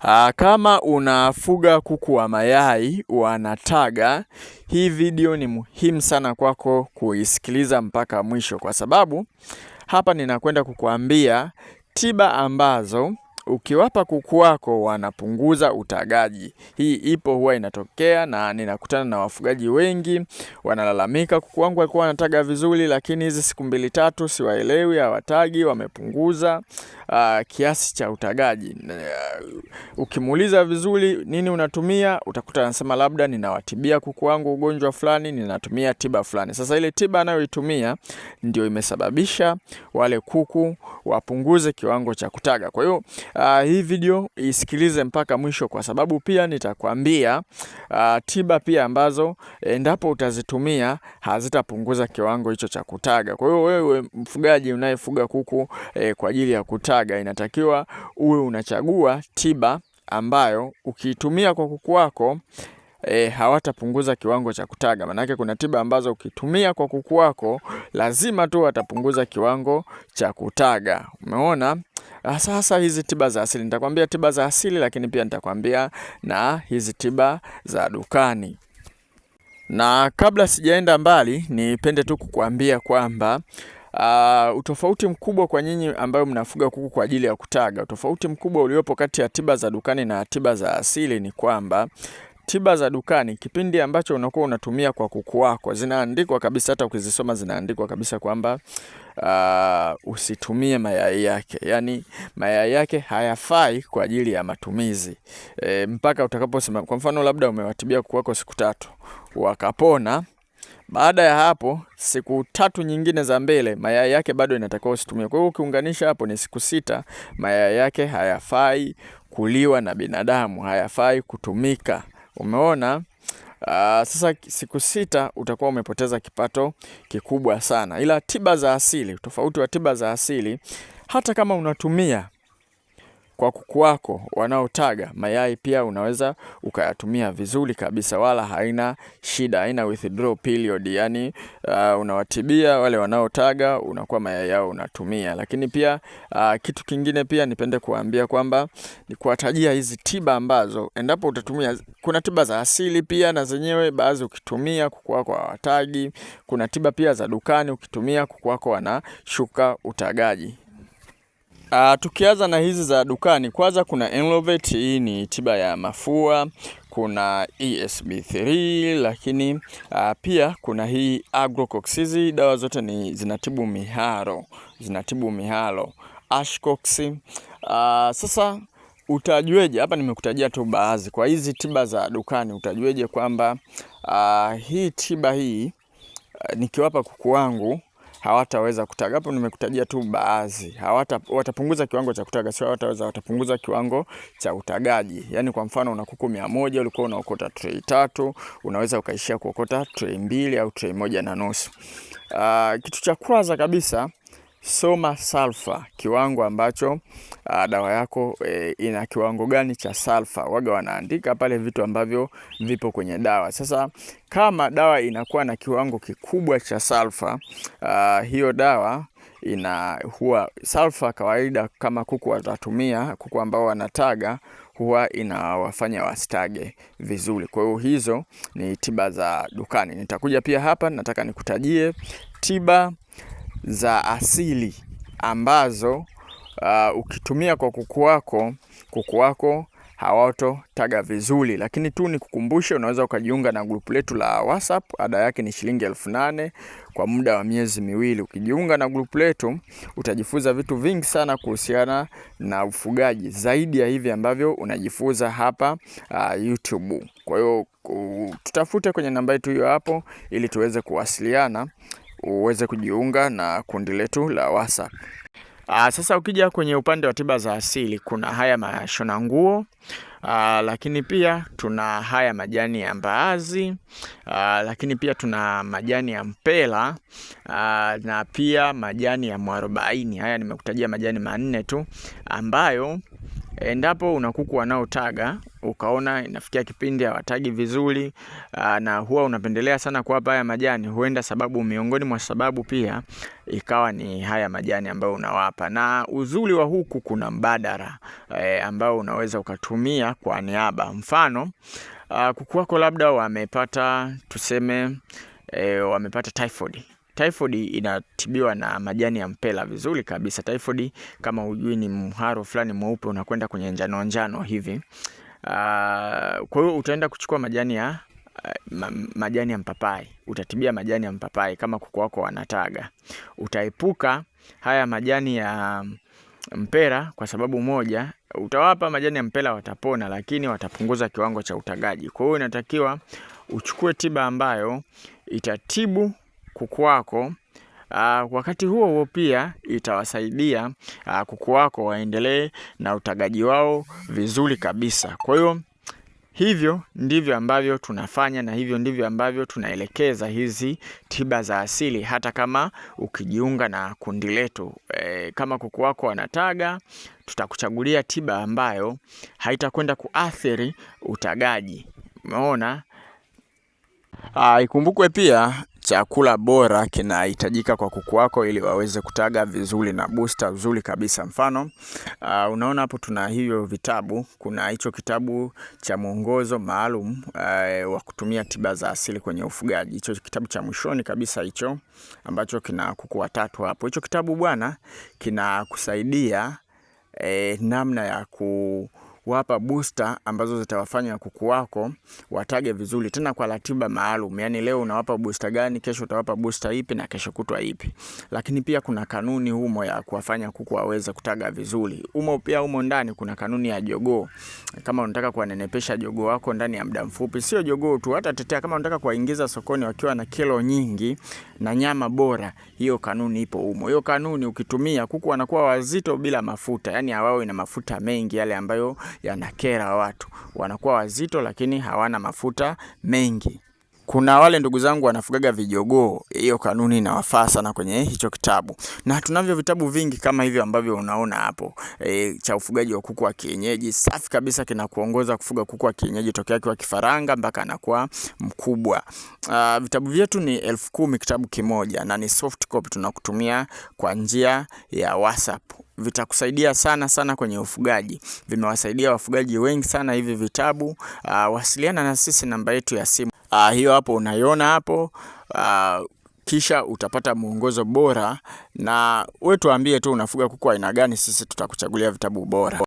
Ah, kama unafuga kuku wa mayai wanataga, hii video ni muhimu sana kwako kuisikiliza mpaka mwisho, kwa sababu hapa ninakwenda kukuambia tiba ambazo ukiwapa kuku wako wanapunguza utagaji. Hii ipo, huwa inatokea na ninakutana na wafugaji wengi wanalalamika, kuku wangu walikuwa wanataga vizuri, lakini hizi siku mbili tatu siwaelewi, hawatagi, wamepunguza uh, kiasi cha utagaji. Uh, ukimuuliza vizuri, nini unatumia, utakuta anasema labda ninawatibia kuku wangu ugonjwa fulani, ninatumia tiba fulani. Sasa ile tiba anayoitumia ndio imesababisha wale kuku wapunguze kiwango cha kutaga. Kwa hiyo uh, hii video isikilize mpaka mwisho, kwa sababu pia nitakwambia uh, tiba pia ambazo endapo utazitumia hazitapunguza kiwango hicho cha kutaga. Kwa hiyo wewe mfugaji unayefuga kuku eh, kwa ajili ya kutaga, inatakiwa uwe unachagua tiba ambayo ukiitumia kwa kuku wako e, hawatapunguza kiwango cha kutaga. Maanake kuna tiba ambazo ukitumia kwa kuku wako lazima tu watapunguza kiwango cha kutaga. Umeona? Ah, sasa hizi tiba za asili nitakwambia tiba za asili, lakini pia nitakwambia na hizi tiba za dukani na kabla sijaenda mbali, nipende tu kukuambia kwamba uh, utofauti mkubwa kwa nyinyi ambayo mnafuga kuku kwa ajili ya kutaga, utofauti mkubwa uliopo kati ya tiba za dukani na tiba za asili ni kwamba Tiba za dukani, kipindi ambacho unakuwa unatumia kwa kuku wako, zinaandikwa kabisa, hata ukizisoma zinaandikwa kabisa kwamba uh, usitumie mayai yake, yani mayai yake hayafai kwa ajili ya matumizi e, mpaka utakaposema. Kwa mfano, labda umewatibia kuku wako siku tatu wakapona baada ya hapo siku tatu nyingine za mbele mayai yake bado inatakiwa usitumie. Kwa hiyo ukiunganisha hapo ni siku sita, mayai yake hayafai kuliwa na binadamu, hayafai kutumika. Umeona? Uh, sasa siku sita utakuwa umepoteza kipato kikubwa sana, ila tiba za asili, tofauti wa tiba za asili, hata kama unatumia kwa kuku wako wanaotaga mayai pia unaweza ukayatumia vizuri kabisa, wala haina shida, haina withdraw period. Yani uh, unawatibia wale wanaotaga, unakuwa mayai yao unatumia. Lakini pia uh, kitu kingine pia nipende kuambia kwamba ni kuwatajia hizi tiba ambazo endapo utatumia, kuna tiba za asili pia na zenyewe baadhi, ukitumia kuku wako hawatagi. Kuna tiba pia za dukani, ukitumia kuku wako wanashuka utagaji. Uh, tukianza na hizi za dukani, kwanza kuna Enlovat, hii ni tiba ya mafua. Kuna ESB3 lakini uh, pia kuna hii Agrocox. Hizi dawa zote ni zinatibu miharo, zinatibu miharo Ashcox. Uh, sasa utajueje? Hapa nimekutajia tu baadhi kwa hizi tiba za dukani, utajueje kwamba uh, hii tiba hii uh, nikiwapa kuku wangu hawataweza kutaga. Hapo nimekutajia tu baadhi, hawata watapunguza kiwango cha kutaga, sio hawataweza, watapunguza kiwango cha utagaji. Yani kwa mfano una kuku mia moja ulikuwa unaokota trei tatu, unaweza ukaishia kuokota trei mbili au trei moja na nusu. Uh, kitu cha kwanza kabisa soma salfa, kiwango ambacho uh, dawa yako e, ina kiwango gani cha salfa. Waga wanaandika pale vitu ambavyo vipo kwenye dawa. Sasa kama dawa inakuwa na kiwango kikubwa cha salfa uh, hiyo dawa ina huwa salfa kawaida, kama kuku watatumia, kuku ambao wanataga huwa inawafanya wastage vizuri. Kwa hiyo hizo ni tiba za dukani. Nitakuja pia hapa, nataka nikutajie tiba za asili ambazo uh, ukitumia kwa kuku wako, kuku wako hawato taga vizuri. Lakini tu nikukumbushe, unaweza ukajiunga na grupu letu la WhatsApp. Ada yake ni shilingi elfu nane kwa muda wa miezi miwili. Ukijiunga na grupu letu utajifunza vitu vingi sana kuhusiana na ufugaji zaidi ya hivi ambavyo unajifunza hapa uh, YouTube. Kwa hiyo tutafute kwenye namba yetu hiyo hapo, ili tuweze kuwasiliana uweze kujiunga na kundi letu la WhatsApp. Aa, ah, sasa ukija kwenye upande wa tiba za asili kuna haya mashona nguo aa, ah, lakini pia tuna haya majani ya mbaazi aa, ah, lakini pia tuna majani ya mpela aa, na pia majani ya mwarobaini. Haya nimekutajia majani manne tu ambayo Endapo una kuku wanaotaga ukaona inafikia kipindi hawatagi vizuri, na huwa unapendelea sana kuwapa haya majani, huenda sababu, miongoni mwa sababu pia ikawa ni haya majani ambayo unawapa. Na uzuri wa huku kuna mbadala e, ambao unaweza ukatumia kwa niaba. Mfano kuku wako labda wamepata tuseme e, wamepata typhoid typhoid inatibiwa na majani ya mpela vizuri kabisa. Typhoid kama hujui ni mharo fulani mweupe unakwenda kwenye njano njano hivi. Uh, kwa hiyo utaenda kuchukua majani ya ma, majani ya mpapai, utatibia majani ya mpapai kama kuku wako wanataga. Utaepuka haya majani ya mpera kwa sababu moja, utawapa majani ya mpera watapona, lakini watapunguza kiwango cha utagaji. Kwa hiyo inatakiwa uchukue tiba ambayo itatibu kuku wako Uh, wakati huo huo pia itawasaidia uh, kuku wako waendelee na utagaji wao vizuri kabisa. Kwa hiyo hivyo ndivyo ambavyo tunafanya na hivyo ndivyo ambavyo tunaelekeza hizi tiba za asili. Hata kama ukijiunga na kundi letu e, kama kuku wako wanataga, tutakuchagulia tiba ambayo haitakwenda kuathiri utagaji. Umeona? ikumbukwe pia chakula bora kinahitajika kwa kuku wako ili waweze kutaga vizuri na booster uzuri kabisa. Mfano uh, unaona hapo tuna hivyo vitabu. Kuna hicho kitabu cha mwongozo maalum uh, wa kutumia tiba za asili kwenye ufugaji. Hicho kitabu cha mwishoni kabisa hicho ambacho kina kuku watatu hapo. Hicho kitabu bwana kinakusaidia eh, namna ya ku kuwapa booster ambazo zitawafanya kuku wako watage vizuri, tena kwa ratiba maalum. Yani leo unawapa booster gani, kesho utawapa booster ipi na kesho kutwa ipi. Lakini pia kuna kanuni humo ya kuwafanya kuku waweze kutaga vizuri. Humo pia humo ndani kuna kanuni ya jogoo. Kama unataka kuwanenepesha jogoo wako ndani ya muda mfupi, sio jogoo tu, hata tetea. Kama unataka kuwaingiza sokoni wakiwa na kilo nyingi na nyama bora, hiyo kanuni ipo humo. Hiyo kanuni ukitumia, kuku wanakuwa wazito bila mafuta, yani hawao ina mafuta mengi yale ambayo yanakera watu, wanakuwa wazito lakini hawana mafuta mengi. Kuna wale ndugu zangu wanafugaga vijogoo, hiyo kanuni inawafaa sana kwenye hicho kitabu, na tunavyo vitabu vingi kama hivyo ambavyo unaona hapo e, cha ufugaji wa kuku wa kienyeji safi kabisa, kinakuongoza kufuga kuku wa kienyeji tokea akiwa kifaranga mpaka anakuwa mkubwa. Uh, vitabu vyetu ni elfu kumi kitabu kimoja na ni soft copy, tunakutumia kwa njia ya WhatsApp vitakusaidia sana sana kwenye ufugaji. Vimewasaidia wafugaji wengi sana hivi vitabu. Uh, wasiliana na sisi namba yetu ya simu uh, hiyo hapo unaiona hapo uh, kisha utapata mwongozo bora, na we tuambie tu unafuga kuku aina gani, sisi tutakuchagulia vitabu bora.